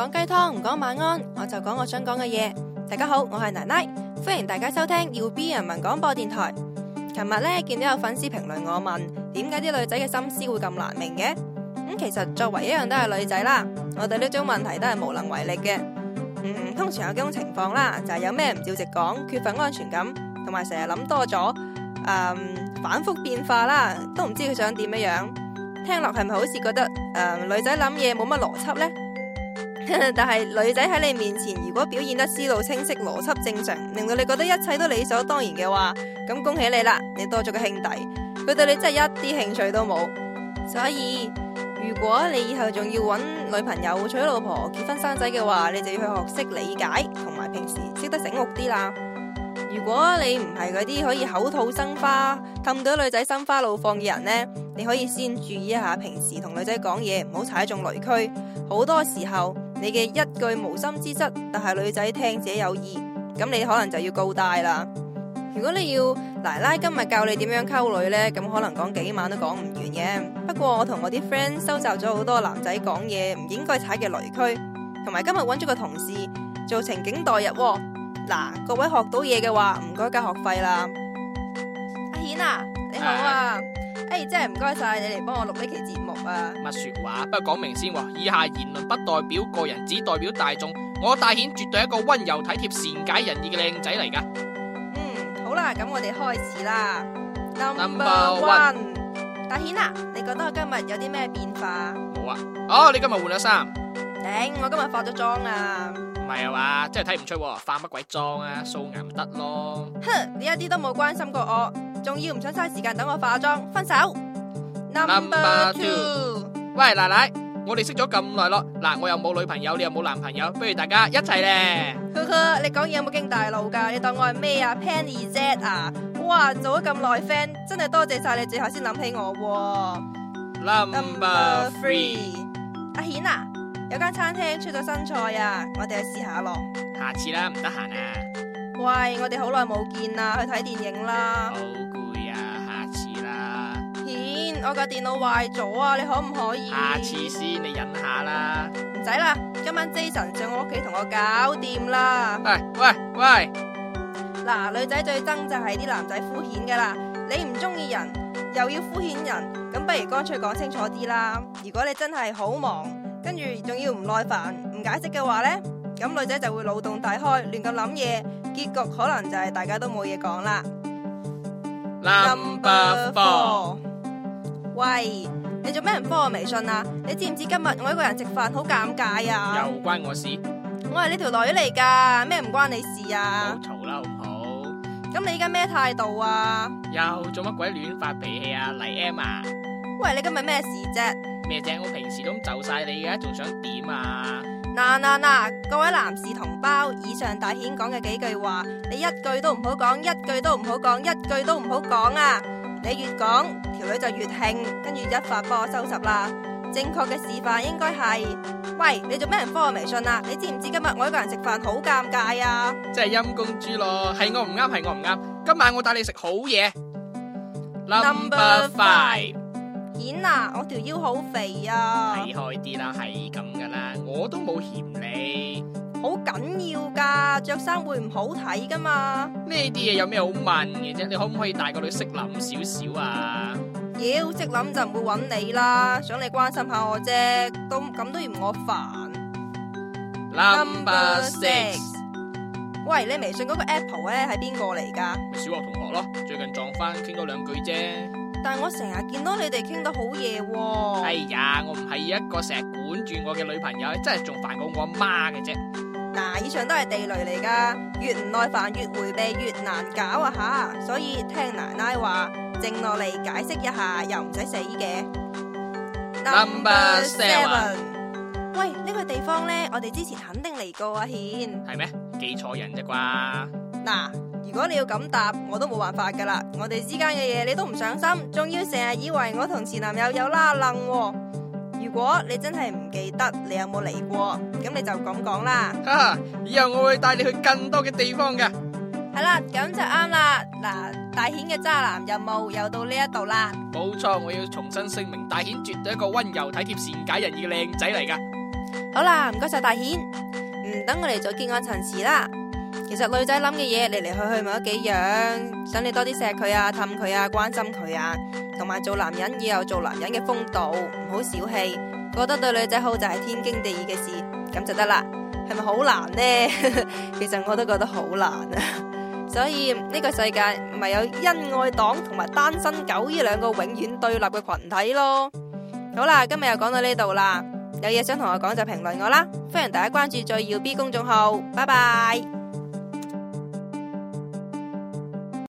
講雞湯唔講晚安，我就講我想講嘅嘢。大家好，我係奶奶，歡迎大家收聽耀 B 人民廣播電台。琴日咧見到有粉絲評論，我問點解啲女仔嘅心思會咁難明嘅？咁、嗯、其實作為一樣都係女仔啦，我哋呢種問題都係無能為力嘅。嗯，通常有幾種情況啦，就係、是、有咩唔照直講，缺乏安全感，同埋成日諗多咗，誒、嗯，反覆變化啦，都唔知佢想點樣樣。聽落係咪好似覺得誒、嗯、女仔諗嘢冇乜邏輯呢？ 但係女仔喺你面前，如果表現得思路清晰、邏輯正常，令到你覺得一切都理所當然嘅話，咁恭喜你啦！你多咗個兄弟，佢對你真係一啲興趣都冇。所以如果你以後仲要揾女朋友、娶老婆、結婚生仔嘅話，你就要去學識理解同埋平時識得醒目啲啦。如果你唔係嗰啲可以口吐生花、氹到女仔心花怒放嘅人呢，你可以先注意一下平時同女仔講嘢，唔好踩中雷區。好多時候，你嘅一句無心之失，但係女仔聽者有意，咁你可能就要告大啦。如果你要奶奶今日教你點樣溝女呢，咁可能講幾晚都講唔完嘅。不過我同我啲 friend 收集咗好多男仔講嘢唔應該踩嘅雷區，同埋今日揾咗個同事做情景代入。嗱，各位學到嘢嘅話，唔該交學費啦。阿顯啊，你好啊，誒的，hey, 真係唔該晒你嚟幫我錄呢期節目啊。乜說話，不過講明先，以下言不代表個人，只代表大眾。我大顯絕對一個溫柔體貼、善解人意嘅靚仔嚟㗎。嗯，好啦，咁我哋開始啦。Number one，大顯啊，你覺得我今日有啲咩變化？冇啊。哦，你今日換咗衫？頂，我今日化咗妝啊。唔係啊嘛，真係睇唔出，化乜鬼妝啊？素顏咪得咯。哼，你一啲都冇關心過我，仲要唔想嘥時間等我化妝，分手。Number two，喂奶奶。我哋識咗咁耐咯，嗱，我又冇女朋友，你又冇男朋友，不如大家一齊咧。呵呵，你講嘢有冇經大腦噶？你當我係咩啊？Penny Z 啊？哇，做咗咁耐 friend，真係多謝晒你，最後先諗起我。Number three，阿顯 啊，有間餐廳出咗新菜啊，我哋去試下咯。下次啦，唔得閒啊。喂，我哋好耐冇見啦，去睇電影啦。 我個電腦壞咗啊！你可唔可以？下次先，你忍下啦。唔使啦，今晚 Jason 上我屋企同我搞掂啦。喂喂喂，嗱，女仔最憎就係啲男仔敷衍噶啦。你唔中意人，又要敷衍人，咁不如乾脆講清楚啲啦。如果你真係好忙，跟住仲要唔耐煩唔解釋嘅話呢，咁女仔就會腦洞大開，亂咁諗嘢，結局可能就係大家都冇嘢講啦。Number four。喂，你做咩唔幫我微信啊？你知唔知今日我一個人食飯好尷尬啊？又關我事？我係你條女嚟噶，咩唔關你事啊？好嘈啦，好唔好？咁你而家咩態度啊？又做乜鬼亂發脾氣啊？嚟 M 啊？喂，你今日咩事啫、啊？咩啫？我平時都就晒你嘅，仲想點啊？嗱嗱嗱，各位男士同胞，以上大顯講嘅幾句話，你一句都唔好講，一句都唔好講，一句都唔好講啊！你越講條女就越興，跟住一發波收拾啦。正確嘅示範應該係：喂，你做咩人 call 我微信啦，啊？你知唔知今日我一個人食飯好尷尬啊？即係陰公豬咯，係我唔啱，係我唔啱。今晚我帶你食好嘢。Number five，顯啊，我條腰好肥啊！睇開啲啦，係咁噶啦，我都冇嫌你。好緊要噶，着衫會唔好睇噶嘛？咩啲嘢有咩好問嘅啫？你可唔可以大個女識諗少少啊？妖，識諗就唔會搵你啦，想你關心下我啫，都咁都嫌我煩。Number six，喂，你微信嗰個 Apple 咧係邊個嚟噶？咪小學同學咯，最近撞翻傾多兩句啫。但係我成日見到你哋傾得好嘢夜。哎呀，我唔係一個成日管住我嘅女朋友，真係仲煩過我阿媽嘅啫。嗱，以上都係地雷嚟噶，越唔耐煩越回避越難搞啊吓，所以聽奶奶話，靜落嚟解釋一下，又唔使死嘅。number seven，喂，呢個地方呢，我哋之前肯定嚟過啊，顯係咩？記錯人咋啩？嗱，如果你要咁答，我都冇辦法噶啦，我哋之間嘅嘢你都唔上心，仲要成日以為我同前男友有啦楞喎。如果你真係唔記得，你有冇嚟過？咁你就咁講啦。哈、啊！以後我會帶你去更多嘅地方嘅。係啦，咁就啱啦。嗱，大顯嘅渣男任務又到呢一度啦。冇錯，我要重新聲明，大顯絕對一個溫柔體貼、貼善解人意嘅靚仔嚟噶。好啦，唔該晒大顯，唔等我哋做結案陳詞啦。其實女仔諗嘅嘢嚟嚟去去冇得幾樣，想你多啲錫佢啊，氹佢啊，關心佢啊，同埋做男人要有做男人嘅風度，唔好小氣，覺得對女仔好就係天經地義嘅事，咁就得啦。係咪好難呢？ 其實我都覺得好難啊。所以呢個世界唔係有恩愛黨同埋單身狗呢兩個永遠對立嘅群體咯。好啦，今日又講到呢度啦，有嘢想同我講就評論我啦。歡迎大家關注最耀 B 公眾號，拜拜。